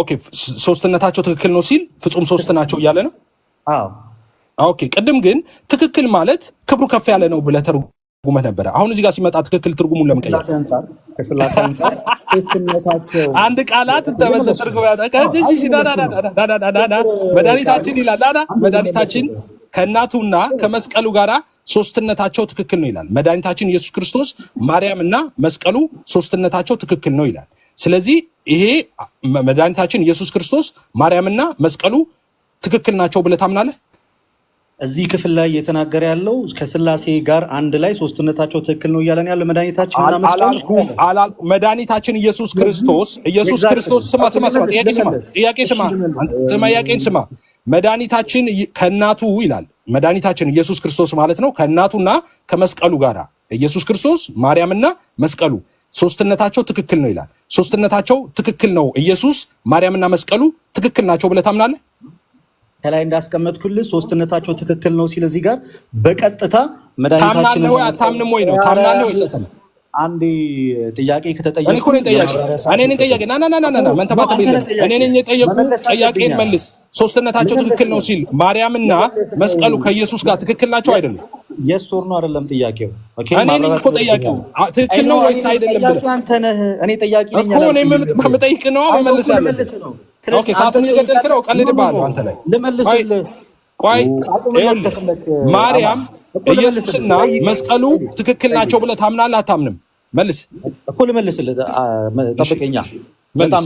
ኦኬ ሶስትነታቸው ትክክል ነው ሲል ፍጹም ሶስት ናቸው እያለ ነው። ኦኬ ቅድም ግን ትክክል ማለት ክብሩ ከፍ ያለ ነው ብለህ ተርጉመህ ነበረ። አሁን እዚህ ጋር ሲመጣ ትክክል ትርጉሙን ለመቀየር አንድ ቃላት ተመሰ መድኃኒታችን ይላል መድኃኒታችን ከእናቱና ከመስቀሉ ጋራ ሶስትነታቸው ትክክል ነው ይላል። መድኃኒታችን ኢየሱስ ክርስቶስ ማርያምና መስቀሉ ሶስትነታቸው ትክክል ነው ይላል። ስለዚህ ይሄ መድኃኒታችን ኢየሱስ ክርስቶስ ማርያምና መስቀሉ ትክክል ናቸው ብለህ ታምናለህ? እዚህ ክፍል ላይ እየተናገረ ያለው ከስላሴ ጋር አንድ ላይ ሶስትነታቸው ትክክል ነው እያለን ያለ መድኃኒታችን መድኃኒታችን ኢየሱስ ክርስቶስ ኢየሱስ ክርስቶስ ስማ ስማ ስማ ጥያቄ ስማ ጥያቄ ስማ ጥያቄን ስማ መድኃኒታችን ከእናቱ ይላል መድኃኒታችን ኢየሱስ ክርስቶስ ማለት ነው ከእናቱና ከመስቀሉ ጋር ኢየሱስ ክርስቶስ ማርያምና መስቀሉ ሶስትነታቸው ትክክል ነው ይላል ሶስትነታቸው ትክክል ነው። ኢየሱስ ማርያምና መስቀሉ ትክክል ናቸው ብለህ ታምናለህ? ከላይ እንዳስቀመጥኩልህ ሶስትነታቸው ትክክል ነው ሲል እዚህ ጋር በቀጥታ መድኃኒታችን ታምናለህ ወይ አታምንም ወይ ነው ታምናለህ ወይ አንድ ጥያቄ ከተጠየቁ እኔ ጠያቄ። ና ና ና ና መንተባተብ የለም። እኔ የጠየቁ ጥያቄን መልስ። ሶስትነታቸው ትክክል ነው ሲል ማርያምና መስቀሉ ከኢየሱስ ጋር ትክክል ናቸው አይደለም? የሱር ነው አይደለም ጥያቄው። እኔን እኮ ጠያቄው። ትክክል ነው ወይስ አይደለም ብለህ እኔ ጠያቄ ነኝ እኮ እኔ የምጠይቅ ነው እመልሳለሁ። ኦኬ ሰዓትን እየገደልክ ነው። ቀልድብሃለሁ አንተ ላይ ልመልስልህ። ቆይ ማርያም ኢየሱስና መስቀሉ ትክክል ናቸው ብለህ ታምናለህ አታምንም? መልስ እኮ ልመልስልህ፣ ጠብቀኛ። በጣም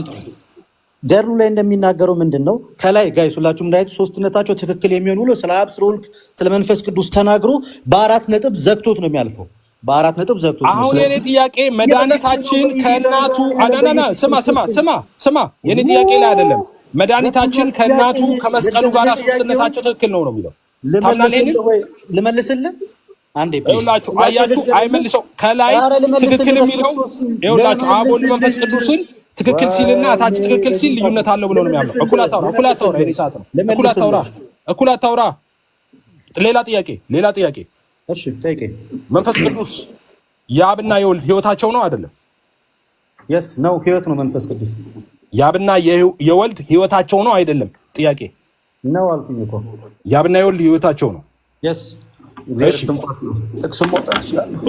ደሩ ላይ እንደሚናገረው ምንድን ነው ከላይ ጋይስ ሁላችሁም እንዳያችሁ ሶስትነታቸው ትክክል የሚሆን ብሎ ስለ አብ ስለ ወልድ ስለ መንፈስ ቅዱስ ተናግሮ በአራት ነጥብ ዘግቶት ነው የሚያልፈው። በአራት ነጥብ ዘግቶት አሁን የኔ ጥያቄ መድኃኒታችን ከእናቱ አዳናና ስማ ስማ ስማ ስማ፣ የኔ ጥያቄ ላይ አይደለም መድኃኒታችን ከእናቱ ከመስቀሉ ጋር ሶስትነታቸው ትክክል ነው ነው የሚለው ልመልስልህ አንዴ ይኸውላችሁ፣ አያችሁ አይመልሰው ከላይ ትክክል የሚለው ይኸውላችሁ፣ አብ ወልድ መንፈስ ቅዱስን ትክክል ሲልና ታች ትክክል ሲል ልዩነት አለው ብሎ ነው የሚያምነው። እኩል አታውራ፣ እኩል አታውራ። ሌላ ጥያቄ፣ ሌላ ጥያቄ። እሺ ጠይቄ። መንፈስ ቅዱስ የአብና የወልድ ህይወታቸው ነው አይደለም? የስ ነው፣ ህይወት ነው መንፈስ ቅዱስ። የአብና የወልድ ህይወታቸው ነው አይደለም? ጥያቄ ነው አልኩኝ እኮ የአብና የወልድ ህይወታቸው ነው።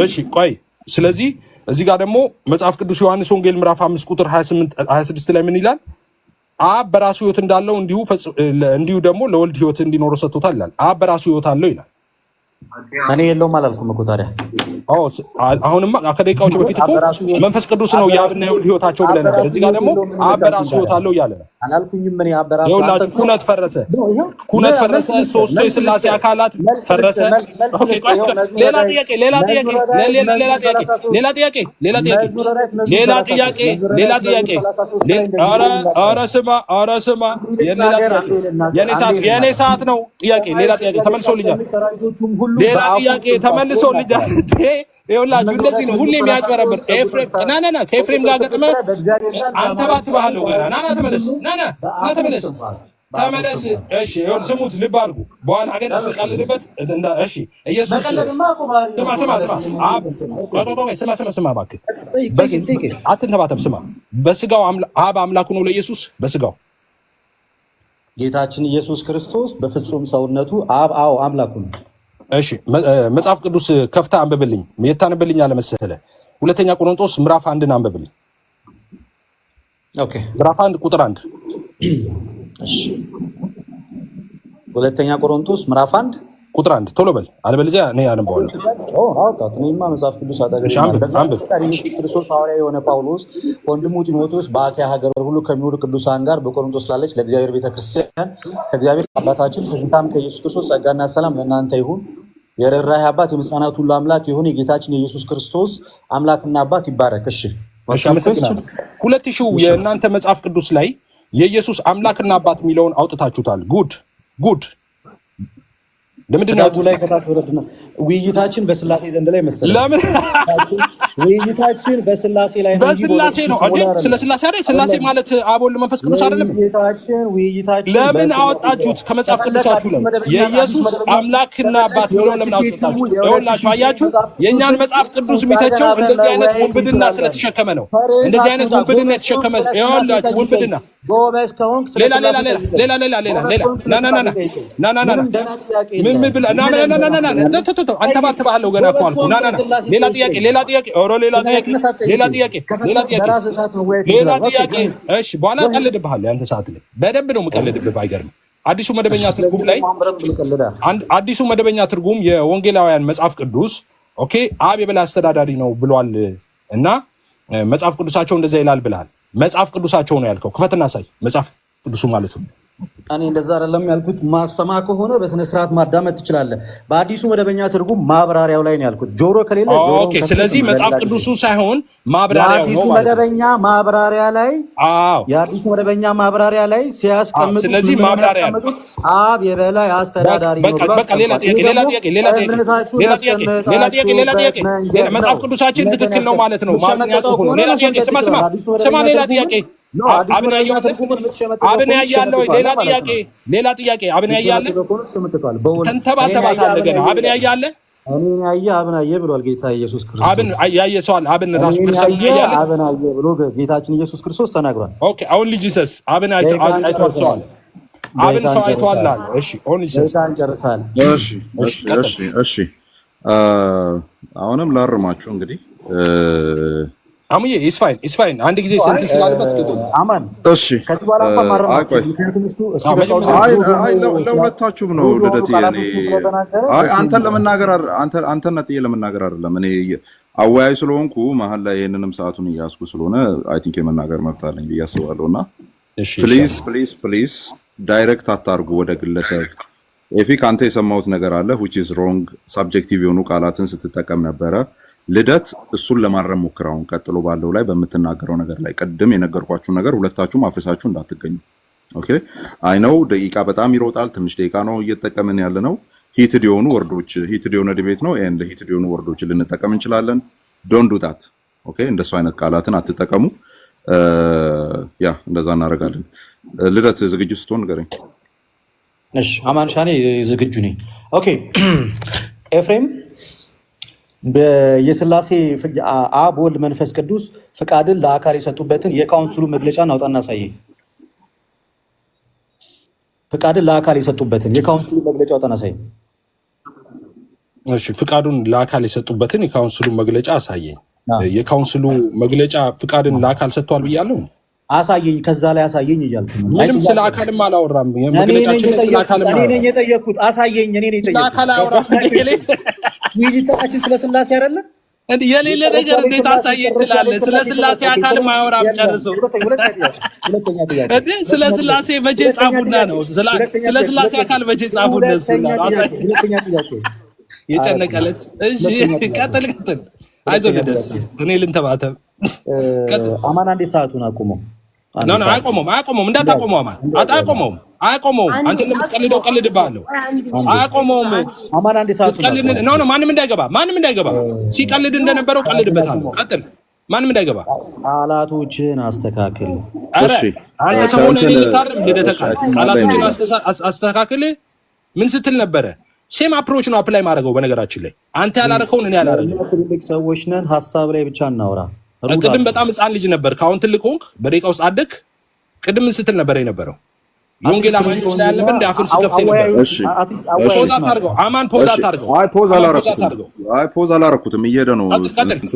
እሺ ቆይ፣ ስለዚህ እዚህ ጋር ደግሞ መጽሐፍ ቅዱስ ዮሐንስ ወንጌል ምዕራፍ አምስት ቁጥር 26 ላይ ምን ይላል? አብ በራሱ ህይወት እንዳለው እንዲሁ ደግሞ ለወልድ ህይወት እንዲኖረው ሰጥቶታል ይላል። አብ በራሱ ህይወት አለው ይላል። እኔ የለውም አላልኩም እኮ ታዲያ አሁንማ ከደቂቃዎች በፊት እኮ መንፈስ ቅዱስ ነው የአብና የወልድ ህይወታቸው ብለህ ነበር። እዚህ ጋር ደግሞ አብ በራሱ ህይወት አለው እያለ ነው። ይኸውላችሁ ኩነት ፈረሰ፣ ኩነት ፈረሰ፣ ሶስቱ የስላሴ አካላት ፈረሰ። ሌላ ጥያቄ፣ ሌላ ጥያቄ፣ ሌላ ጥያቄ፣ ሌላ ጥያቄ፣ ሌላ ጥያቄ፣ ሌላ ጥያቄ፣ ሌላ ጥያቄ። ኧረ ስማ፣ ኧረ ስማ፣ የኔ ሰዓት ነው። ጥያቄ፣ ሌላ ጥያቄ ተመልሶልኛል። ሌላ ጥያቄ ተመልሶልኛል። ይኸውላችሁ እንደዚህ ነው ሁሌ የሚያጭበረብር ኤፍሬም ና ና ና ከኤፍሬም ጋር ገጥመህ አንተ ና ና ተመለስ ና ና ና ተመለስ ተመለስ እሺ ስሙት ልብ አድርጉ በኋላ ግን ስቀልድበት እሺ ኢየሱስ ስማ ስማ ስማ ስማ ስማ ስማ እባክህ ስማ በስጋው አብ ነው ለኢየሱስ በስጋው ጌታችን ኢየሱስ ክርስቶስ በፍጹም ሰውነቱ አብ አዎ አምላኩ ነው እሺ መጽሐፍ ቅዱስ ከፍታ አንብብልኝ። የታንብልኝ አለመሰለ ሁለተኛ ቆሮንጦስ ምዕራፍ አንድን አንብብልኝ። ኦኬ ምዕራፍ አንድ ቁጥር አንድ ሁለተኛ ቆሮንቶስ ምዕራፍ አንድ ቁጥር አንድ ቶሎ በል አለበለዚያ እኔ አነበዋለሁ። አውጣት እኔማ መጽሐፍ ቅዱስ ክርስቶስ ሐዋርያ የሆነ ጳውሎስ ወንድሙ ጢሞቴዎስ በአካያ ሀገር ሁሉ ከሚኖሩ ቅዱሳን ጋር በቆሮንቶስ ላለች ለእግዚአብሔር ቤተክርስቲያን ከእግዚአብሔር አባታችን ከጌታም ከኢየሱስ ክርስቶስ ጸጋና ሰላም ለእናንተ ይሁን። የርኅራኄ አባት የምስጋናት ሁሉ አምላክ የሆነ የጌታችን የኢየሱስ ክርስቶስ አምላክና አባት ይባረክ። እሺ ሁለት ሺው የእናንተ መጽሐፍ ቅዱስ ላይ የኢየሱስ አምላክና አባት የሚለውን አውጥታችሁታል። ጉድ ጉድ! ለምንድን ነው ላይ ውይይታችን በስላሴ ዘንድ ላይ መሰለህ? ለምን ውይይታችን በስላሴ ላይ ነው። በስላሴ ነው አይደል? ስለ ስላሴ አይደል? ስላሴ ማለት አብ ወልድ መንፈስ ቅዱስ አይደለም? ውይይታችን ለምን አወጣችሁት ከመጽሐፍ ቅዱሳችሁ ነው? የኢየሱስ አምላክና አባት ብሎ ለምን አወጣችሁ? ይኸውላችሁ፣ አያችሁ፣ የእኛን መጽሐፍ ቅዱስ የሚተቸው እንደዚህ አይነት ውንብድና ስለተሸከመ ነው። እንደዚህ አይነት ውንብድና የተሸከመ ይኸውላችሁ፣ ውንብድና ጎበዝ ከሆንክ ሌላ ሌላ ሌላ ሌላ ሌላ ሌላ ገና እኮ አልኩህ። ና ና ና ሌላ ጥያቄ ሌላ ጥያቄ ኦሮ ሌላ ጥያቄ ሌላ ሌላ ሌላ በኋላ እቀልድብሃለሁ። ያንተ ሰዓት ላይ በደንብ ነው የምቀልድብህ። ባይገርም አዲሱ መደበኛ ትርጉም ላይ አዲሱ መደበኛ ትርጉም የወንጌላውያን መጽሐፍ ቅዱስ ኦኬ አብ የበላይ አስተዳዳሪ ነው ብሏል እና መጽሐፍ ቅዱሳቸው እንደዛ ይላል ብላል መጽሐፍ ቅዱሳቸው ነው ያልከው። ክፈትና ሳይ መጽሐፍ ቅዱሱ ማለት ነው እኔ እንደዛ አይደለም ያልኩት። ማሰማ ከሆነ በስነ ስርዓት ማዳመጥ ትችላለህ። በአዲሱ መደበኛ ትርጉም ማብራሪያው ላይ ነው ያልኩት። ጆሮ ከሌለ ኦኬ። ስለዚህ መጽሐፍ ቅዱሱ ሳይሆን ማብራሪያው ነው ማለት መደበኛ ማብራሪያ ላይ አዎ፣ የአዲሱ መደበኛ ማብራሪያ ላይ ሲያስቀምጡ፣ ስለዚህ ማብራሪያ አብ የበላይ አስተዳዳሪ ነው። በቃ ሌላ ጥያቄ፣ ሌላ ጥያቄ፣ ሌላ ጥያቄ፣ ሌላ ጥያቄ፣ ሌላ ጥያቄ፣ ሌላ ጥያቄ። መጽሐፍ ቅዱሳችን ትክክል ነው ማለት ነው። ማብራሪያ ነው። ሌላ ጥያቄ። ስማ፣ ስማ፣ ስማ፣ ሌላ ጥያቄ አብን ያያለው ሌላ ጥያቄ ሌላ ጥያቄ አብን ያያለ ገና አብን ያያለ እኔን ያየ አብን አየ ብሏል ጌታ ኢየሱስ ክርስቶስ። አብን ያየ ሰዋል አብን ራሱ ክርስቶስ አብን አየ ብሎ ጌታችን ኢየሱስ ክርስቶስ ተናግሯል። ኦኬ አሁን አብን ሰዋል አብን ሰው አይቷል አለ። እሺ አሁን ጨርሳል። እሺ እሺ እሺ አሁንም ላርማችሁ እንግዲህ አሙዬ ኢስ ፋይን ኢስ ፋይን። አንድ ጊዜ ስንት ስላለበት አማን። እሺ ከዚህ በኋላ ለሁለታችሁም ነው ልደት። አንተን ለመናገር አንተን ነጥዬ ለመናገር አይደለም እኔ አወያይ ስለሆንኩ መሀል ላይ ይህንንም ሰዓቱን እያስኩ ስለሆነ አይ ቲንክ የመናገር መብት አለኝ ብዬ አስባለሁ። እና ፕሊዝ ፕሊዝ ፕሊዝ ዳይሬክት አታርጉ ወደ ግለሰብ ኤፊ ከአንተ የሰማሁት ነገር አለ ዊች ኢዝ ሮንግ። ሳብጀክቲቭ የሆኑ ቃላትን ስትጠቀም ነበረ ልደት እሱን ለማረም ሞክራውን ቀጥሎ ባለው ላይ በምትናገረው ነገር ላይ ቅድም የነገርኳችሁ ነገር ሁለታችሁም አፍሳችሁ እንዳትገኙ። ኦኬ አይ ነው ደቂቃ በጣም ይሮጣል። ትንሽ ደቂቃ ነው እየተጠቀምን ያለ ነው። ሂትድ የሆኑ ወርዶች ሂትድ የሆነ ዲቤት ነው። ኤንድ ሂትድ የሆኑ ወርዶች ልንጠቀም እንችላለን። ዶንት ዱ ዳት ኦኬ። እንደሱ አይነት ቃላትን አትጠቀሙ። ያ እንደዛ እናደርጋለን። ልደት ዝግጁ ስትሆን ንገረኝ። እሺ አማንሻኔ ዝግጁ ነኝ። ኦኬ ኤፍሬም የስላሴ አብ ወልድ መንፈስ ቅዱስ ፍቃድን ለአካል የሰጡበትን የካውንስሉ መግለጫ እናውጣ እናሳይ። ፍቃድን ለአካል የሰጡበትን የካውንስሉ መግለጫ አውጣ እናሳይ። እሺ፣ ፍቃዱን ለአካል የሰጡበትን የካውንስሉ መግለጫ አሳየኝ። የካውንስሉ መግለጫ ፍቃድን ለአካል ሰጥቷል ብያለሁ። አሳየኝ፣ ከዛ ላይ አሳየኝ እያልኩ ምንም ስለ አካልም አላወራም። መግለጫችን ስለ አካልም አላወራም። እኔ ነኝ የጠየቅኩት። አሳየኝ። እኔ ነኝ የጠየቅኩት። ትይዝታችን ስለ ስላሴ አይደለም። የሌለ ነገር እንዴት አሳየ ትላለህ? ስለ ስላሴ አካል ማወራም ጨርሶ። ስለ ስላሴ መቼ ጻፉና ነው? ስለ ስላሴ አካል መቼ ጻፉና? የጨነቀለት እሺ፣ ቀጥል ቀጥል። አይዞ ልደት፣ እኔ ልንተባተብ። አማን አንዴ ሰዓቱን አቁመው። አቁመውም አቁመውም እንዳታቆመው አማን አቁመውም አያቆመውም። አንተ እንደምትቀልደው ቀልድብሃለሁ። አያቆመውም። ኖ ኖ፣ ማንም እንዳይገባ፣ ማንም እንዳይገባ። ሲቀልድ እንደነበረው ቀልድበታለሁ። ቀጥል። ማንም እንዳይገባ። ቃላቶችን አስተካክል። አንተ ሰሞኑን ልታርም ልደተካ ቃላቶችን አስተካክል። ምን ስትል ነበረ? ሴም አፕሮች ነው አፕላይ ማድረገው። በነገራችን ላይ አንተ ያላረከውን እኔ ያላረገው። ትልቅ ሰዎች ነን፣ ሀሳብ ላይ ብቻ እናውራ። ቅድም በጣም ህፃን ልጅ ነበር፣ ከአሁን ትልቅ ሆንክ፣ በደቂቃ ውስጥ አደግ። ቅድም ምን ስትል ነበረ የነበረው? ወንጌል አማኝ ስላለብን እንደ አላረኩትም፣ እየሄደ ነው። ክፈትልኝ፣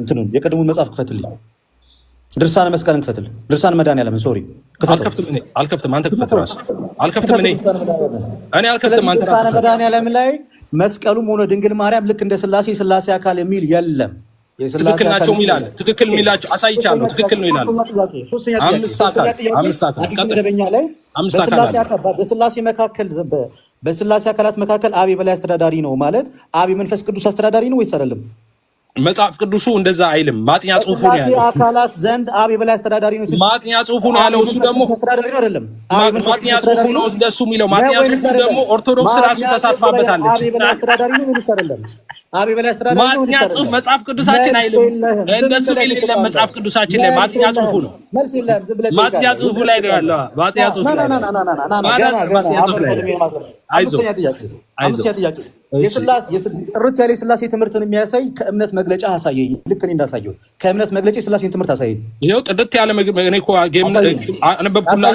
እንትኑን መጽሐፍ ክፈትልኝ። ድርሳነ መስቀልን ክፈትል። ድርሳነ መድኃኒዓለምን ሶሪ፣ አልከፍትም፣ አንተ ክፈት ራስህ። አልከፍትም፣ እኔ እኔ አልከፍትም። አንተ ድርሳነ መድኃኒዓለም ላይ መስቀሉም ሆነ ድንግል ማርያም ልክ እንደ ስላሴ ስላሴ አካል የሚል የለም። ትክክል ናቸው ይላል። ትክክል የሚላቸው አሳይቻለሁ። ትክክል ነው ይላል። በስላሴ መካከል በስላሴ አካላት መካከል አብ የበላይ አስተዳዳሪ ነው ማለት አብ የመንፈስ ቅዱስ አስተዳዳሪ ነው ወይስ አይደለም? መጽሐፍ ቅዱሱ እንደዛ አይልም። ማጥኛ ጽሁፉ ነው ያለው። አካላት ዘንድ አብ የበላይ አስተዳዳሪ ነው ሲል ማጥኛ ጽሁፉ ነው ያለው። እሱ ደግሞ አስተዳዳሪ አይደለም። ማጥኛ ጽሁፉ ነው እንደሱ የሚለው። ማጥኛ ጽሁፉ ደግሞ ኦርቶዶክስ ራሱ ተሳትፋበታለች። አብ የበላይ አስተዳዳሪ ነው የሚልስ አይደለም። አብ የበላይ አስተዳዳሪ ነው ማጥኛ ጽሁፍ መጽሐፍ ቅዱሳችን አይልም። እንደሱ የሚል የለም መጽሐፍ ቅዱሳችን ላይ። ማጥኛ ጽሁፉ ነው መልስ ማጥኛ ጽሁፉ ላይ ነው ያለው። ማጥኛ ጽሁፉ ላይ ነው አምስተኛ ጥያቄ ጥርት ያለ የስላሴ ትምህርትን የሚያሳይ ከእምነት መግለጫ አሳየኝ። ልክ እኔ እንዳሳየው ከእምነት መግለጫ የስላሴን ትምህርት አሳየኝ። ይኸው ጥርት ያለ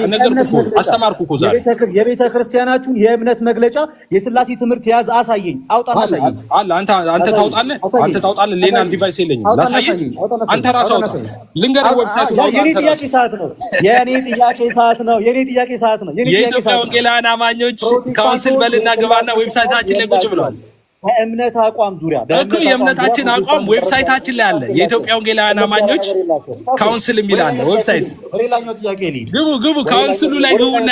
እኔ ነገር አስተማርኩ እኮ ዛሬ የቤተ ክርስቲያናችሁን የእምነት መግለጫ የስላሴ ትምህርት የያዘ አሳየኝ። አውጣን አሳየኝ። አለ አንተ ታውጣለህ አንተ ታውጣለህ። ሌላ ዲቫይስ የለኝም ላሳየኝ። አንተ ራስህ አውጣ። ልንገርህ ወብሳይት የኔ ጥያቄ ሰዓት ነው። የኔ ጥያቄ ሰዓት ነው። የኔ ጥያቄ ሰዓት ነው። የኢትዮጵያ ወንጌላውያን አማኞች ስል በልና ግባና ዌብሳይታችን ላይ ቁጭ ብለዋል። በእምነት አቋም ዙሪያ እኮ የእምነታችን አቋም ዌብሳይታችን ላይ አለ። የኢትዮጵያ ወንጌላውያን አማኞች ካውንስል የሚል አለ ዌብሳይት። ግቡ ግቡ፣ ካውንስሉ ላይ ግቡና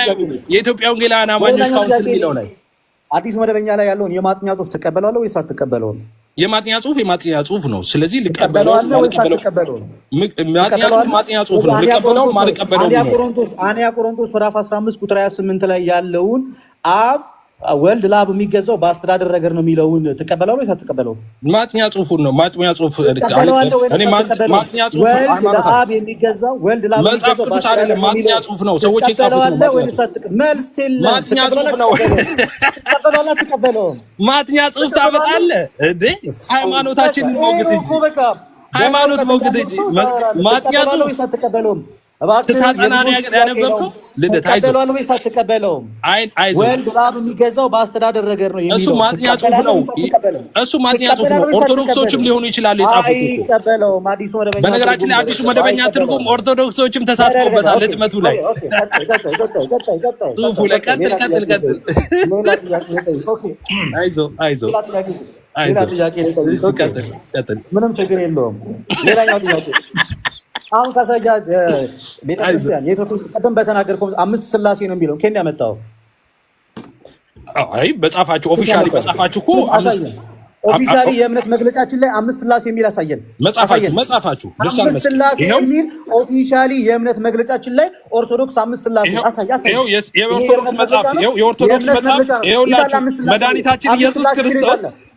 የኢትዮጵያ ወንጌላውያን አማኞች ካውንስል የሚለው ላይ አዲስ መደበኛ ላይ ያለውን የማጥኛ ጽሁፍ ትቀበላለህ ወይስ አትቀበለውም? የማጥኛ ጽሁፍ የማጥኛ ጽሁፍ ነው። ስለዚህ ማጥኛ ጽሁፍ ማጥኛ ጽሁፍ ነው። ልቀበለው ማልቀበለው አንያ ቆሮንቶስ ምዕራፍ 15 ቁጥር 28 ላይ ያለውን አብ ወልድ ለአብ የሚገዛው በአስተዳደር ነገር ነው የሚለውን ትቀበላሉ ወይስ አትቀበላሉ? ማጥኛ ጽሁፉን ነው ማጥኛ ጽሁፍ እኔ ማጥኛ ጽሁፍ ለአብ የሚገዛው ወልድ ለአብ መጽሐፍ ቅዱስ አይደለም። ማጥኛ ጽሁፍ ነው፣ ሰዎች የጻፉት ነው። መልስ የለም። ማጥኛ ጽሁፍ ነው። ማጥኛ ጽሁፍ ታመጣለህ እንዴ? ሃይማኖታችን ሞግት እንጂ ሃይማኖት ሞግት እንጂ ማጥኛ ጽሁፍ ስታጠና ያነበብከው ልደት ወይስ አትቀበለውም? ወልድ እሱ ማጥኛ ጽሑፍ ነው። እሱ ማጥኛ ጽሑፍ ነው። ኦርቶዶክሶችም ሊሆኑ ይችላሉ የጻፉት። በነገራችን ላይ አዲሱ መደበኛ ትርጉም ኦርቶዶክሶችም ተሳትፎበታል። ህትመቱ ላይ ጽሑፉ ላይ ቀጥል ቀጥል ቀጥል። አይዞህ አይዞህ ምንም ችግር የለውም። ሌላኛው ጥያቄ አሁን ካሳጃ ቤተክርስቲያን ቀደም በተናገርከው አምስት ስላሴ ነው የሚለው ኬን ያመጣው? አይ በጻፋችሁ ኦፊሻሊ በጻፋችሁ ኦፊሻሊ የእምነት መግለጫችን ላይ አምስት ስላሴ የሚል አሳየን። መጻፋችሁ መጽሐፋችሁ አምስት ስላሴ የሚል ኦፊሻሊ የእምነት መግለጫችን ላይ ኦርቶዶክስ አምስት ስላሴ አሳይ አሳይ። የኦርቶዶክስ መጽሐፍ የኦርቶዶክስ መጽሐፍ ይኸውላችሁ መድኃኒታችን ኢየሱስ ክርስቶስ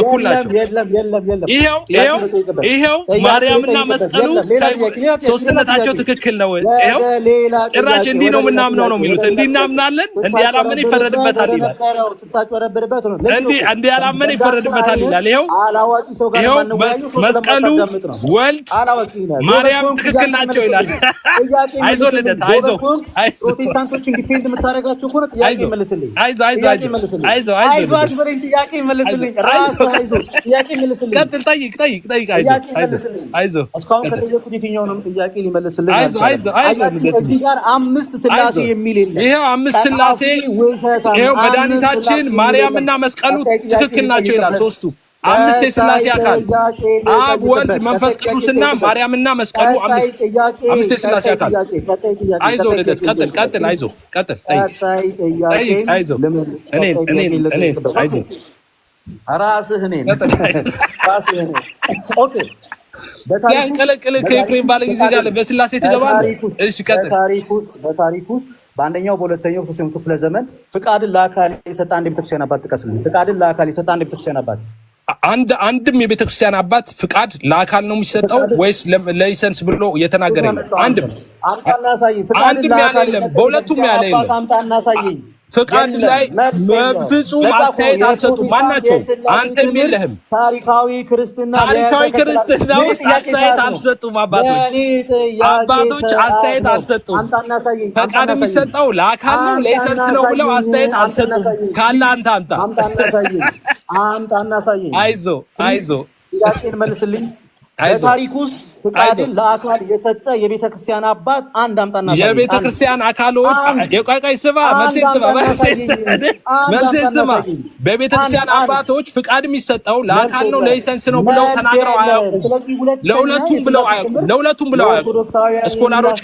እኩላቸው ይሄው ማርያምና መስቀሉ ሶስትነታቸው ትክክል ነው። ይሄው ጭራሽ እንዲህ ነው የምናምነው ነው የሚሉት። እንዲህ እናምናለን፣ እንዲህ ያላመነ ይፈረድበታል ይላል። እንዲህ ያላመነ ይፈረድበታል ይላል። ይሄው መስቀሉ፣ ወልድ፣ ማርያም ትክክል ናቸው ይላል። አይዞ ልደት፣ አይዞ አይዞ አይዞ እስካሁን አምስት ስላሴ የሚል ይኸው መድኃኒታችን ማርያምና መስቀሉ ትክክል ናቸው ይላል። ሶስቱ አምስት የስላሴ አካል አብ፣ ወልድ፣ መንፈስ ቅዱስና ማርያምና መስቀሉ አምስት የስላሴ አካል። አይዞ ልደት ቀጥል ቀጥል። አይዞ ቀጥል። ጠይቅ። አይዞ እኔ እኔ እኔ አይዞ ራስህ እኔ ያንቀለቅልህ ከኤፍሬም ባለ ጊዜ ጋር በስላሴ ትገባለህ። በታሪክ ውስጥ በአንደኛው በሁለተኛው ሶስተኛው ክፍለ ዘመን ፍቃድን ለአካል የሰጠ አንድ የቤተክርስቲያን አባት ጥቀስ። ፍቃድን ለአካል የሰጠ አንድ የቤተክርስቲያን አባት አንድ አንድም የቤተክርስቲያን አባት ፍቃድ ለአካል ነው የሚሰጠው ወይስ ለላይሰንስ ብሎ የተናገረ አንድም አንድም ያለ የለም። በሁለቱም ያለ የለም። ፍቃድ ላይ በፍጹም አስተያየት አልሰጡም። ማናቸው አንተም የለህም። ታሪካዊ ክርስትና ታሪካዊ ክርስትና ውስጥ አስተያየት አልሰጡም። አባቶች አባቶች አስተያየት አልሰጡም። ፈቃድ የሚሰጠው ለአካል ነው ለይሰንስ ነው ብለው አስተያየት አልሰጡም። ካለ አንተ አምጣ አምጣ፣ አይዞ፣ አይዞህ፣ መልስልኝ በታሪክ ውስጥ ፍቃድን ለአካል የሰጠ የቤተ ክርስቲያን አባት አንድ አምጣና የቤተ ክርስቲያን አካሎች መልሴን መልሴን ስማ። በቤተ ክርስቲያን አባቶች ፍቃድ የሚሰጠው ለአካል ነው ለይሰንስ ነው ብለው ተናግረው አያውቁም። ለሁለቱም ብለው አያውቁም። ለሁለቱም ብለው አያውቁም።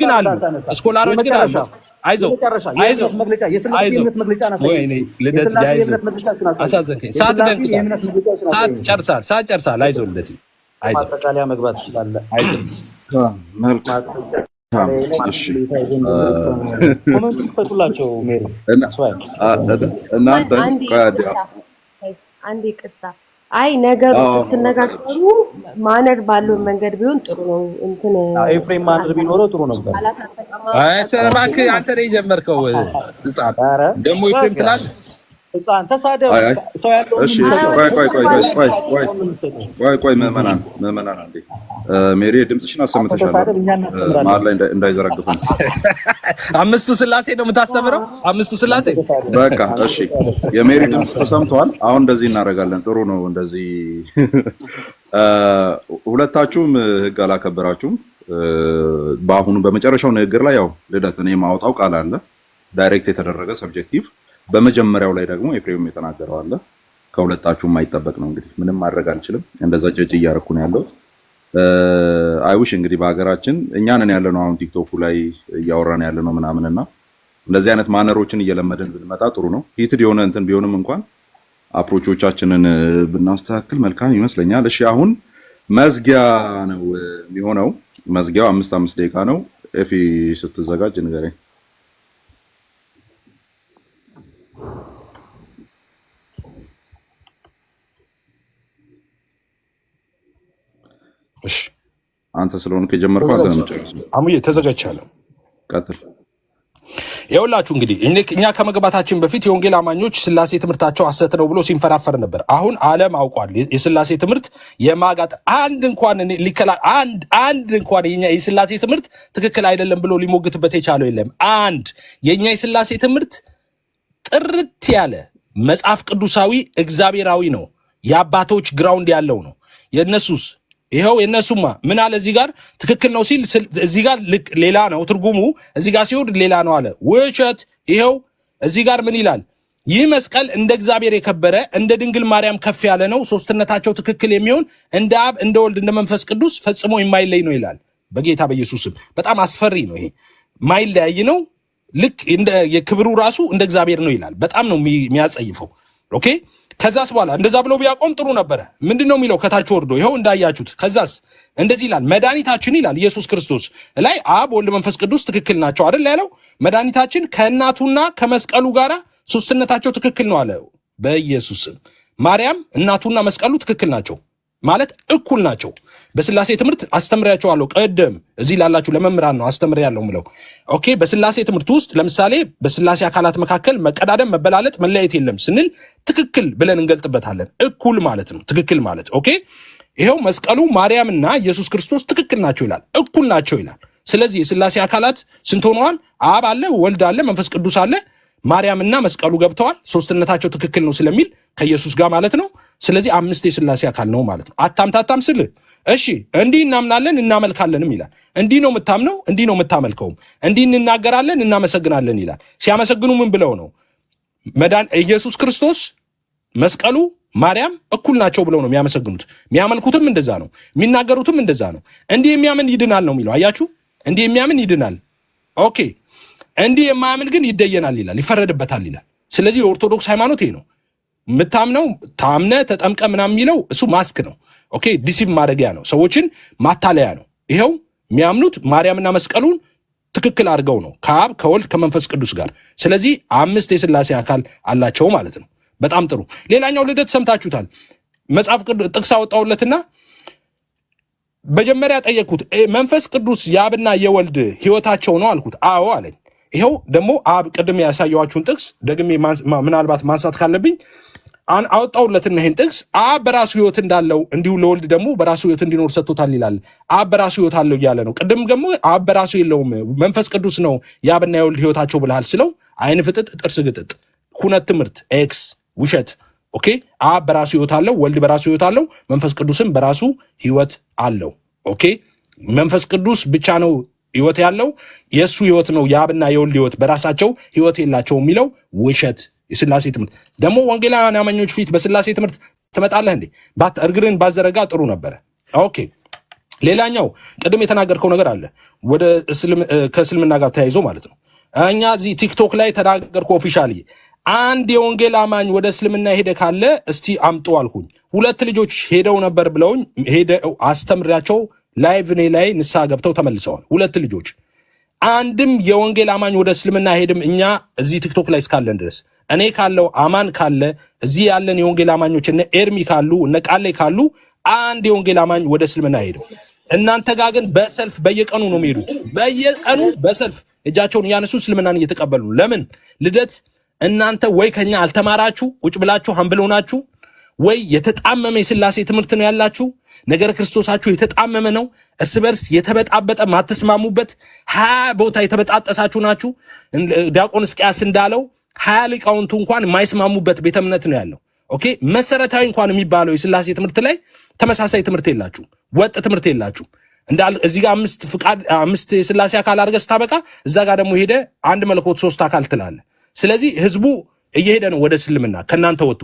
ግን አሉ። ግን አሉ። ጨርሳል። ጨርሳል። ማጠቃለያ መግባት ይችላለን። ፈቱላቸው አንድ ይቅርታ። አይ ነገሩ ስትነጋገሩ ማነር ባለው መንገድ ቢሆን ጥሩ ነው። እንትን ኤፍሬም ማነር ቢኖረው ጥሩ ነበር። እባክህ አንተ ነው የጀመርከው። ደግሞ ኤፍሬም ትላለህ ህፃን ተሳደብ ሰው ቆይ ምዕመናን ምዕመናን አንዴ ሜሪ ድምፅሽን አሰምተሻል መሀል ላይ እንዳይዘረግፉን አምስቱ ስላሴ ነው የምታስተምረው አምስቱ ስላሴ በቃ እሺ የሜሪ ድምፅ ተሰምተዋል አሁን እንደዚህ እናደርጋለን ጥሩ ነው እንደዚህ ሁለታችሁም ህግ አላከበራችሁም በአሁኑ በመጨረሻው ንግግር ላይ ያው ልደት እኔ የማወጣው ቃል አለ ዳይሬክት የተደረገ ሰብጀክቲቭ በመጀመሪያው ላይ ደግሞ ኤፍሬም የተናገረው አለ ከሁለታችሁ የማይጠበቅ ነው። እንግዲህ ምንም ማድረግ አልችልም። እንደዛ ጨጭ እያደረኩ ነው ያለሁት። አይውሽ እንግዲህ በሀገራችን እኛ ነን ያለ ነው አሁን ቲክቶኩ ላይ እያወራን ያለ ነው ምናምን እና እንደዚህ አይነት ማነሮችን እየለመድን ብንመጣ ጥሩ ነው። ሂትድ የሆነ እንትን ቢሆንም እንኳን አፕሮቾቻችንን ብናስተካክል መልካም ይመስለኛል። እሺ አሁን መዝጊያ ነው የሚሆነው። መዝጊያው አምስት አምስት ደቂቃ ነው። ኤፊ ስትዘጋጅ ንገረኝ። አንተ ስለሆነ ከጀመርኩ አንተ ነው የምትጨርሰው። አሙዬ ተዘጋጅቻለሁ። ቀጥል። ይኸውላችሁ እንግዲህ እኛ ከመግባታችን በፊት የወንጌል አማኞች ስላሴ ትምህርታቸው ሐሰት ነው ብሎ ሲንፈራፈር ነበር። አሁን ዓለም አውቋል። የስላሴ ትምህርት የማጋጥ አንድ እንኳን አንድ እንኳን የኛ የስላሴ ትምህርት ትክክል አይደለም ብሎ ሊሞግትበት የቻለው የለም። አንድ የእኛ የስላሴ ትምህርት ጥርት ያለ መጽሐፍ ቅዱሳዊ እግዚአብሔራዊ ነው። የአባቶች ግራውንድ ያለው ነው። የእነሱስ ይኸው የነሱማ ምን አለ እዚህ ጋር ትክክል ነው ሲል እዚህ ጋር ሌላ ነው ትርጉሙ፣ እዚህ ጋር ሲወርድ ሌላ ነው አለ። ውሸት። ይኸው እዚህ ጋር ምን ይላል? ይህ መስቀል እንደ እግዚአብሔር የከበረ እንደ ድንግል ማርያም ከፍ ያለ ነው፣ ሶስትነታቸው ትክክል የሚሆን እንደ አብ እንደ ወልድ እንደ መንፈስ ቅዱስ ፈጽሞ የማይለይ ነው ይላል። በጌታ በኢየሱስም በጣም አስፈሪ ነው ይሄ። ማይለያይ ነው ልክ የክብሩ ራሱ እንደ እግዚአብሔር ነው ይላል። በጣም ነው የሚያጸይፈው። ኦኬ ከዛስ በኋላ እንደዛ ብሎ ቢያቆም ጥሩ ነበረ። ምንድን ነው የሚለው? ከታች ወርዶ ይኸው እንዳያችሁት። ከዛስ እንደዚህ ይላል፣ መድኃኒታችን ይላል ኢየሱስ ክርስቶስ ላይ አብ ወልድ መንፈስ ቅዱስ ትክክል ናቸው አይደል ያለው። መድኃኒታችን ከእናቱና ከመስቀሉ ጋራ ሶስትነታቸው ትክክል ነው አለው። በኢየሱስ ማርያም እናቱና መስቀሉ ትክክል ናቸው ማለት እኩል ናቸው። በስላሴ ትምህርት አስተምሬያቸዋለሁ። ቀደም እዚህ ላላችሁ ለመምህራን ነው አስተምሬያለሁ ምለው። ኦኬ በስላሴ ትምህርት ውስጥ ለምሳሌ በስላሴ አካላት መካከል መቀዳደም፣ መበላለጥ፣ መለያየት የለም ስንል ትክክል ብለን እንገልጥበታለን። እኩል ማለት ነው። ትክክል ማለት ኦኬ። ይኸው መስቀሉ ማርያምና ኢየሱስ ክርስቶስ ትክክል ናቸው ይላል። እኩል ናቸው ይላል። ስለዚህ የስላሴ አካላት ስንት ሆነዋል? አብ አለ፣ ወልድ አለ፣ መንፈስ ቅዱስ አለ። ማርያምና መስቀሉ ገብተዋል። ሶስትነታቸው ትክክል ነው ስለሚል ከኢየሱስ ጋር ማለት ነው። ስለዚህ አምስት የስላሴ አካል ነው ማለት ነው። አታምታታም ስል እሺ እንዲህ እናምናለን እናመልካለንም ይላል። እንዲህ ነው የምታምነው፣ እንዲህ ነው የምታመልከውም፣ እንዲህ እንናገራለን እናመሰግናለን ይላል። ሲያመሰግኑ ምን ብለው ነው? መዳን ኢየሱስ ክርስቶስ መስቀሉ፣ ማርያም እኩል ናቸው ብለው ነው የሚያመሰግኑት። የሚያመልኩትም እንደዛ ነው፣ የሚናገሩትም እንደዛ ነው። እንዲህ የሚያምን ይድናል ነው የሚለው። አያችሁ፣ እንዲህ የሚያምን ይድናል። ኦኬ፣ እንዲህ የማያምን ግን ይደየናል ይላል፣ ይፈረድበታል ይላል። ስለዚህ የኦርቶዶክስ ሃይማኖት ይሄ ነው። የምታምነው ታምነ ተጠምቀ ምናምን የሚለው እሱ ማስክ ነው ኦኬ ዲሲቭ ማድረጊያ ነው፣ ሰዎችን ማታለያ ነው። ይኸው የሚያምኑት ማርያምና መስቀሉን ትክክል አድርገው ነው ከአብ ከወልድ ከመንፈስ ቅዱስ ጋር። ስለዚህ አምስት የስላሴ አካል አላቸው ማለት ነው። በጣም ጥሩ። ሌላኛው ልደት ሰምታችሁታል። መጽሐፍ ቅዱስ ጥቅስ አወጣውለትና መጀመሪያ ጠየቅኩት፣ መንፈስ ቅዱስ የአብና የወልድ ህይወታቸው ነው አልኩት። አዎ አለኝ። ይኸው ደግሞ አብ ቅድም ያሳየኋችሁን ጥቅስ ደግሜ ምናልባት ማንሳት ካለብኝ አወጣውለትና ይህን ጥቅስ አብ በራሱ ህይወት እንዳለው እንዲሁ ለወልድ ደግሞ በራሱ ህይወት እንዲኖር ሰጥቶታል ይላል። አብ በራሱ ህይወት አለው እያለ ነው። ቅድም ደግሞ አብ በራሱ የለውም መንፈስ ቅዱስ ነው የአብና የወልድ ህይወታቸው ብልሃል ስለው አይን ፍጥጥ ጥርስ ግጥጥ ሁነት ትምህርት ኤክስ ውሸት ኦኬ። አብ በራሱ ህይወት አለው፣ ወልድ በራሱ ህይወት አለው፣ መንፈስ ቅዱስም በራሱ ህይወት አለው። ኦኬ መንፈስ ቅዱስ ብቻ ነው ህይወት ያለው የእሱ ህይወት ነው የአብና የወልድ ህይወት በራሳቸው ህይወት የላቸው የሚለው ውሸት የስላሴ ትምህርት ደግሞ ወንጌላውያን አማኞች ፊት በስላሴ ትምህርት ትመጣለህ እንዴ? እግርን ባዘረጋ ጥሩ ነበረ። ኦኬ። ሌላኛው ቅድም የተናገርከው ነገር አለ ወደ ከእስልምና ጋር ተያይዞ ማለት ነው። እኛ እዚህ ቲክቶክ ላይ ተናገርኩ ኦፊሻል አንድ የወንጌል አማኝ ወደ እስልምና ሄደ ካለ እስቲ አምጡ አልኩኝ። ሁለት ልጆች ሄደው ነበር ብለውኝ ሄደው አስተምሪያቸው ላይቭ እኔ ላይ ንሳ ገብተው ተመልሰዋል። ሁለት ልጆች አንድም የወንጌል አማኝ ወደ እስልምና ሄድም እኛ እዚህ ቲክቶክ ላይ እስካለን ድረስ እኔ ካለው አማን ካለ እዚህ ያለን የወንጌል አማኞች እነ ኤርሚ ካሉ እነ ቃሌ ካሉ አንድ የወንጌል አማኝ ወደ እስልምና ሄደው እናንተ ጋር ግን በሰልፍ በየቀኑ ነው የሚሄዱት። በየቀኑ በሰልፍ እጃቸውን እያነሱ እስልምናን እየተቀበሉ ለምን ልደት እናንተ ወይ ከኛ አልተማራችሁ ቁጭ ብላችሁ ሀምብል ናችሁ? ወይ የተጣመመ የስላሴ ትምህርት ነው ያላችሁ። ነገረ ክርስቶሳችሁ የተጣመመ ነው፣ እርስ በርስ የተበጣበጠ ማትስማሙበት፣ ሀያ ቦታ የተበጣጠሳችሁ ናችሁ። ዲያቆን እስቅያስ እንዳለው ሀያ ሊቃውንቱ እንኳን የማይስማሙበት ቤተ እምነት ነው ያለው። ኦኬ መሰረታዊ እንኳን የሚባለው የስላሴ ትምህርት ላይ ተመሳሳይ ትምህርት የላችሁም፣ ወጥ ትምህርት የላችሁም። እንዳል እዚህ ጋር አምስት ፍቃድ አምስት የስላሴ አካል አድርገህ ስታበቃ እዛ ጋር ደግሞ ሄደ አንድ መለኮት ሶስት አካል ትላለ ስለዚህ ህዝቡ እየሄደ ነው ወደ እስልምና ከእናንተ ወጡ።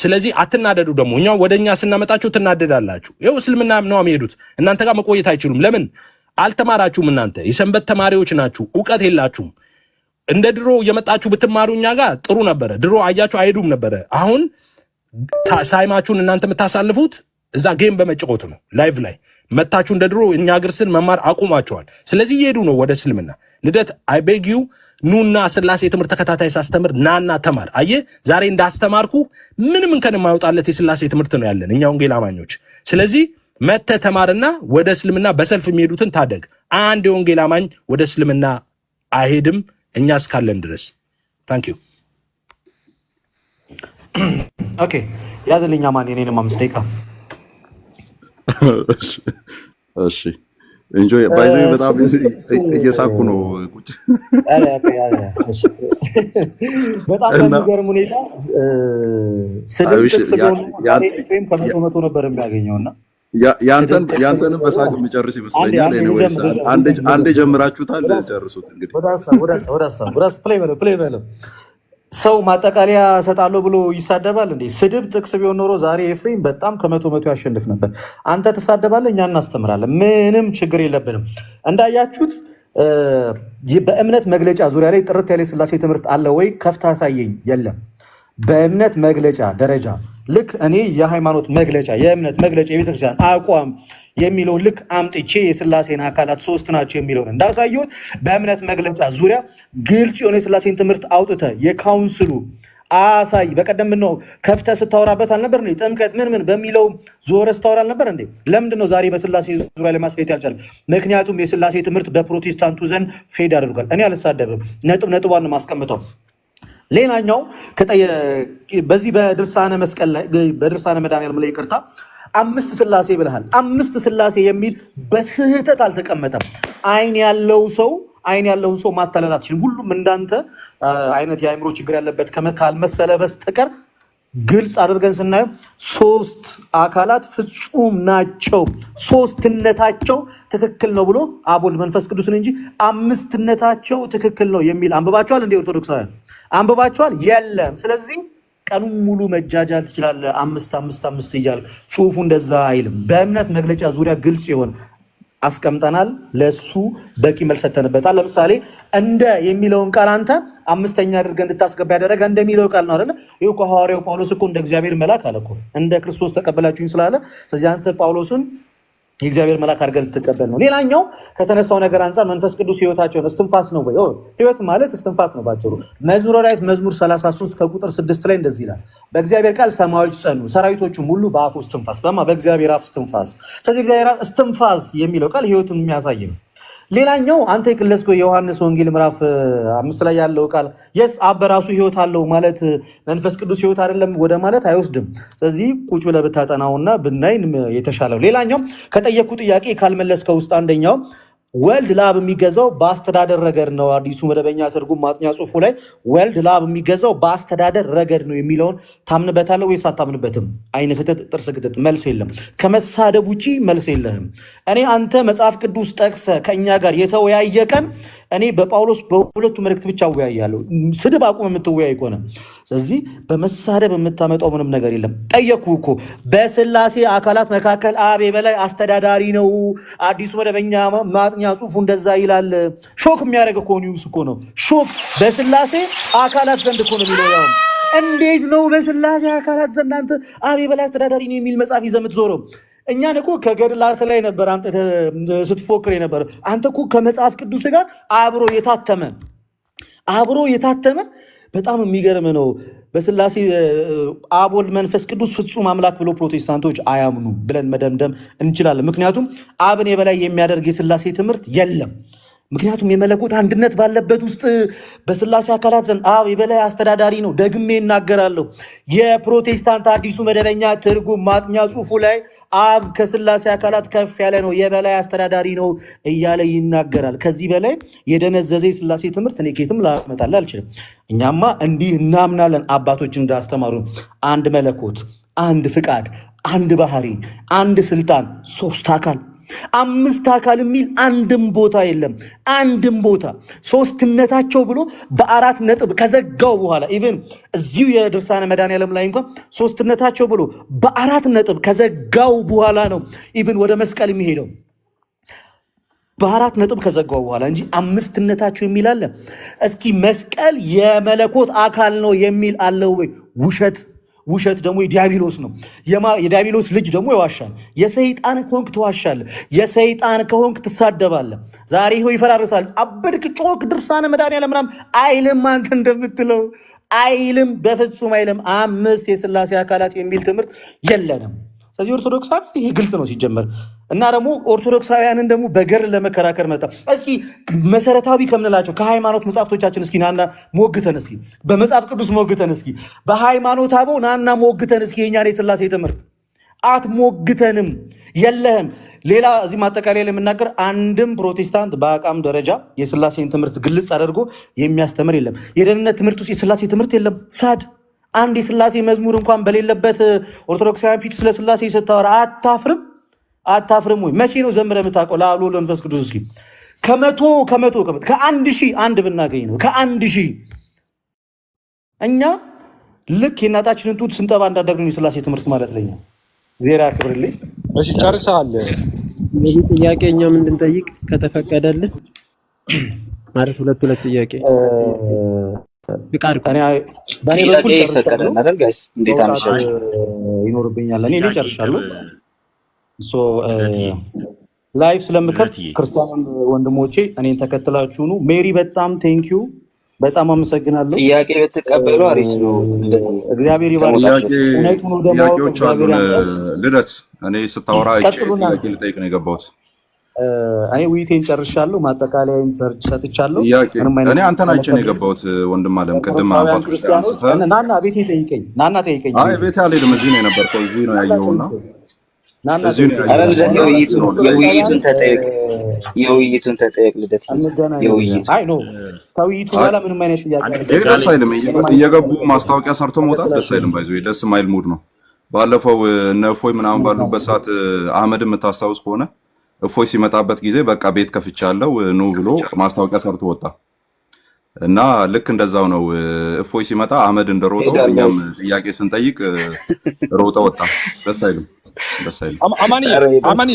ስለዚህ አትናደዱ። ደግሞ እኛ ወደ እኛ ስናመጣችሁ ትናደዳላችሁ። ይው እስልምና ነው የሚሄዱት። እናንተ ጋር መቆየት አይችሉም። ለምን አልተማራችሁም? እናንተ የሰንበት ተማሪዎች ናችሁ። እውቀት የላችሁም። እንደ ድሮ የመጣችሁ ብትማሩ እኛ ጋር ጥሩ ነበረ። ድሮ አያችሁ አይሄዱም ነበረ። አሁን ሳይማችሁን እናንተ የምታሳልፉት እዛ ጌም በመጫወት ነው። ላይቭ ላይ መታችሁ እንደ ድሮ እኛ እግር ስን መማር አቁማችኋል። ስለዚህ እየሄዱ ነው ወደ እስልምና። ልደት አይቤጊው ኑና ስላሴ ትምህርት ተከታታይ ሳስተምር ናና ተማር። አየ ዛሬ እንዳስተማርኩ ምንም እንከን የማይወጣለት የስላሴ ትምህርት ነው ያለን እኛ ወንጌል አማኞች። ስለዚህ መተ ተማርና ወደ እስልምና በሰልፍ የሚሄዱትን ታደግ። አንድ የወንጌል አማኝ ወደ እስልምና አይሄድም። እኛ እስካለን ድረስ ታንኪዩ። ኦኬ ያዘልኛ ማን የኔንም አምስት ደቂቃ እሺ። በጣም እየሳኩ ነው። ቁጭ በጣም ሁኔታ ስድብ ጥቅስ ቢሆን ከመቶ መቶ ነበር የሚያገኘው እና ያንተንም በሳቅ የሚጨርስ ይመስለኛል። አንዴ ጀምራችሁታል፣ ጨርሱት። እንግዲህ ሰው ማጠቃለያ ሰጣለሁ ብሎ ይሳደባል እንዴ? ስድብ ጥቅስ ቢሆን ኖሮ ዛሬ ኤፍሬም በጣም ከመቶ መቶ ያሸንፍ ነበር። አንተ ትሳደባለህ፣ እኛ እናስተምራለን። ምንም ችግር የለብንም። እንዳያችሁት በእምነት መግለጫ ዙሪያ ላይ ጥርት ያለ ስላሴ ትምህርት አለ ወይ? ከፍታ አሳየኝ። የለም በእምነት መግለጫ ደረጃ ልክ እኔ የሃይማኖት መግለጫ የእምነት መግለጫ የቤተክርስቲያን አቋም የሚለውን ልክ አምጥቼ የስላሴን አካላት ሶስት ናቸው የሚለውን እንዳሳየሁት በእምነት መግለጫ ዙሪያ ግልጽ የሆነ የስላሴን ትምህርት አውጥተ የካውንስሉ አሳይ። በቀደም ነው ከፍተ ስታወራበት አልነበር ጥምቀት ምን ምን በሚለው ዞረ ስታወራ አልነበር እንዴ? ለምንድን ነው ዛሬ በስላሴ ዙሪያ ላይ ያልቻለ? ምክንያቱም የስላሴ ትምህርት በፕሮቴስታንቱ ዘንድ ፌድ አድርጓል። እኔ አልሳደብም። ነጥብ ነጥቧን ማስቀምጠው ሌላኛው በዚህ በድርሳነ መስቀል ላይ በድርሳነ ላይ ይቅርታ አምስት ስላሴ ብልሃል። አምስት ስላሴ የሚል በስህተት አልተቀመጠም። አይን ያለው ሰው አይን ያለው ሰው ማታለል አትችልም። ሁሉም እንዳንተ አይነት የአእምሮ ችግር ያለበት መሰለ በስተቀር ግልጽ አድርገን ስናየው ሶስት አካላት ፍጹም ናቸው፣ ሶስትነታቸው ትክክል ነው ብሎ አብ ወልድ መንፈስ ቅዱስን እንጂ አምስትነታቸው ትክክል ነው የሚል አንብባችኋል? እንደ ኦርቶዶክሳውያን አንብባችኋል? የለም። ስለዚህ ቀኑን ሙሉ መጃጃል ትችላለህ፣ አምስት አምስት አምስት እያል ጽሁፉ እንደዛ አይልም። በእምነት መግለጫ ዙሪያ ግልጽ ይሆን። አስቀምጠናል። ለሱ በቂ መልስ ሰተንበታል። ለምሳሌ እንደ የሚለውን ቃል አንተ አምስተኛ አድርገህ እንድታስገባ ያደረገ እንደሚለው ቃል ነው አይደለ? ይኸው ጳውሎስ እኮ እንደ እግዚአብሔር መልአክ አለ እኮ እንደ ክርስቶስ ተቀበላችሁኝ ስላለ፣ ስለዚህ አንተ ጳውሎስን የእግዚአብሔር መልአክ አድርገን ልትቀበል ነው። ሌላኛው ከተነሳው ነገር አንጻር መንፈስ ቅዱስ ህይወታቸውን እስትንፋስ ነው ወይ? ህይወት ማለት እስትንፋስ ነው ባጭሩ። መዝሙረ ዳዊት መዝሙር 33 ከቁጥር 6 ላይ እንደዚህ ይላል፣ በእግዚአብሔር ቃል ሰማዮች ጸኑ፣ ሰራዊቶቹም ሁሉ በአፉ እስትንፋስ። በማ በእግዚአብሔር አፍ እስትንፋስ። ስለዚህ እግዚአብሔር አፍ እስትንፋስ የሚለው ቃል ህይወትን የሚያሳይ ነው። ሌላኛው አንተ የቅለስከው የዮሐንስ ወንጌል ምዕራፍ አምስት ላይ ያለው ቃል የስ አብ በራሱ አለው ማለት መንፈስ ቅዱስ ህይወት አይደለም ወደ ማለት አይወስድም። ስለዚህ ቁጭ ብለህ ብታጠናውና ብናይን የተሻለው። ሌላኛው ከጠየቅኩ ጥያቄ ካልመለስከው ውስጥ አንደኛው ወልድ ላብ የሚገዛው በአስተዳደር ረገድ ነው። አዲሱ መደበኛ ትርጉም ማጥኛ ጽሑፉ ላይ ወልድ ላብ የሚገዛው በአስተዳደር ረገድ ነው የሚለውን ታምንበታለ ወይስ አታምንበትም? አይን ፍትት ጥርስ ግጥጥ። መልስ የለም። ከመሳደብ ውጪ መልስ የለህም። እኔ አንተ መጽሐፍ ቅዱስ ጠቅሰ ከእኛ ጋር የተወያየ ቀን እኔ በጳውሎስ በሁለቱ መልእክት ብቻ አወያያለሁ። ስድብ አቁም የምትወያይ ከሆነ ስለዚህ በመሳደብ የምታመጣው ምንም ነገር የለም። ጠየቅኩ እኮ በስላሴ አካላት መካከል አብ የበላይ አስተዳዳሪ ነው። አዲሱ መደበኛ ማጥኛ ጽሁፉ እንደዛ ይላል። ሾክ የሚያደርግ እኮ ኒውስ እኮ ነው። ሾክ በስላሴ አካላት ዘንድ እኮ ነው የሚለው እንዴት ነው በስላሴ አካላት ዘንድ አንተ አብ የበላይ አስተዳዳሪ ነው የሚል መጽሐፍ ይዘምት ዞረው እኛን እኮ ከገድላት ላይ ነበር ስትፎክር የነበረ። አንተ እኮ ከመጽሐፍ ቅዱስ ጋር አብሮ የታተመ አብሮ የታተመ በጣም የሚገርም ነው። በስላሴ አብ ወልድ መንፈስ ቅዱስ ፍጹም አምላክ ብሎ ፕሮቴስታንቶች አያምኑ ብለን መደምደም እንችላለን። ምክንያቱም አብን የበላይ የሚያደርግ የስላሴ ትምህርት የለም። ምክንያቱም የመለኮት አንድነት ባለበት ውስጥ በስላሴ አካላት ዘንድ አብ የበላይ አስተዳዳሪ ነው። ደግሜ እናገራለሁ። የፕሮቴስታንት አዲሱ መደበኛ ትርጉም ማጥኛ ጽሑፉ ላይ አብ ከስላሴ አካላት ከፍ ያለ ነው፣ የበላይ አስተዳዳሪ ነው እያለ ይናገራል። ከዚህ በላይ የደነዘዘ የስላሴ ትምህርት እኔ ኬትም ላመጣል አልችልም። እኛማ እንዲህ እናምናለን። አባቶች እንዳስተማሩ አንድ መለኮት፣ አንድ ፍቃድ፣ አንድ ባህሪ፣ አንድ ስልጣን፣ ሶስት አካል አምስት አካል የሚል አንድም ቦታ የለም። አንድም ቦታ ሶስትነታቸው ብሎ በአራት ነጥብ ከዘጋው በኋላ ኢቨን እዚሁ የድርሳነ መድኃኔዓለም ላይ እንኳን ሶስትነታቸው ብሎ በአራት ነጥብ ከዘጋው በኋላ ነው ኢቨን ወደ መስቀል የሚሄደው በአራት ነጥብ ከዘጋው በኋላ እንጂ አምስትነታቸው የሚል አለ። እስኪ መስቀል የመለኮት አካል ነው የሚል አለው ወይ? ውሸት ውሸት ደግሞ የዲያብሎስ ነው። የዲያብሎስ ልጅ ደግሞ ይዋሻል። የሰይጣን ከሆንክ ትዋሻል የሰይጣን ከሆንክ ትሳደባለ። ዛሬ ይኸው ይፈራርሳል። አበድክ ጮክ ድርሳነ መድኃኒዓለም ምናምን አይልም። አንተ እንደምትለው አይልም፣ በፍጹም አይልም። አምስት የስላሴ አካላት የሚል ትምህርት የለንም። ስለዚህ ኦርቶዶክስ ይሄ ግልጽ ነው ሲጀመር እና ደግሞ ኦርቶዶክሳውያንን ደግሞ በገር ለመከራከር መጣ። እስኪ መሰረታዊ ከምንላቸው ከሃይማኖት መጽሐፍቶቻችን እስኪ ናና ሞግተን፣ እስኪ በመጽሐፍ ቅዱስ ሞግተን፣ እስኪ በሃይማኖት አበው ናና ሞግተን፣ እስኪ የእኛን የሥላሴ ትምህርት አትሞግተንም፣ የለህም። ሌላ እዚህ ማጠቃለያ ላይ የምናገር አንድም ፕሮቴስታንት በአቋም ደረጃ የስላሴን ትምህርት ግልጽ አድርጎ የሚያስተምር የለም። የደህንነት ትምህርት ውስጥ የስላሴ ትምህርት የለም። ሳድ አንድ የስላሴ መዝሙር እንኳን በሌለበት ኦርቶዶክሳውያን ፊት ስለ ስታወራ አታፍርም? አታፍርም ወይ? መቼ ነው ዘምረ የምታውቀው? ለአብ ለወልድ ለመንፈስ ቅዱስ እስኪ ከመቶ ከመቶ ከመቶ ከአንድ ሺህ አንድ ብናገኝ ነው። ከአንድ ሺህ እኛ ልክ የእናታችንን ጡት ስንጠባ እንዳደግ ነው የስላሴ ትምህርት ማለት ለኛ ዜራ ክብርልኝ። እሺ ጨርሰሃል። ለዚህ ጥያቄ እኛም እንድንጠይቅ ከተፈቀደልን ማለት ሁለት ሁለት ጥያቄ ይኖርብኛል። እኔ ጨርሻለሁ። ላይፍ ስለምከፍት ክርስቲያን ወንድሞቼ እኔን ተከትላችሁ ኑ። ሜሪ በጣም ቴንኪዩ፣ በጣም አመሰግናለሁ። ጥያቄ በተቀበሉ አሪፍ ነው። እግዚአብሔር ጥያቄዎች አሉ። ልደት እኔ ስታወራ ጥያቄ ልጠይቅ ነው የገባሁት። እኔ ውይይቴን ጨርሻለሁ። ማጠቃለያን ሰጥቻለሁ። እኔ አንተን አይቼ ነው የገባሁት። ወንድም አለም ቅድም አባቶች ናና ቤቴ ጠይቀኝ፣ ናና ጠይቀኝ። ቤቴ አልሄድም፣ እዚህ ነው የነበርከው፣ እዚህ ነው ያየሁና የውይይቱን እየገቡ ማስታወቂያ ሰርቶ መውጣት ደስ አይልም። ባይዞ ደስ ማይል ሙድ ነው። ባለፈው እነ እፎይ ምናምን ባሉበት ሰዓት አህመድ የምታስታውስ ከሆነ እፎይ ሲመጣበት ጊዜ በቃ ቤት ከፍቻለሁ ኑ ብሎ ማስታወቂያ ሰርቶ ወጣ እና ልክ እንደዛው ነው። እፎይ ሲመጣ አህመድ እንደሮጠው እኛም ጥያቄ ስንጠይቅ ሮጠ ወጣ። ደስ አይልም። አማኒ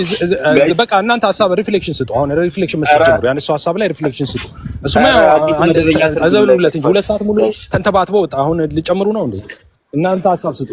በቃ እናንተ ሀሳብ ሪፍሌክሽን ስጡ። አሁን ሪፍሌክሽን መስራት ጀምሩ። ያን ሰው ሀሳብ ላይ ሪፍሌክሽን ስጡ። እሱማ አዘብሉለት እንጂ ሁለት ሰዓት ሙሉ ተንተባትቦ አሁን ልጨምሩ ነው እንዴ? እናንተ ሀሳብ ስጡ።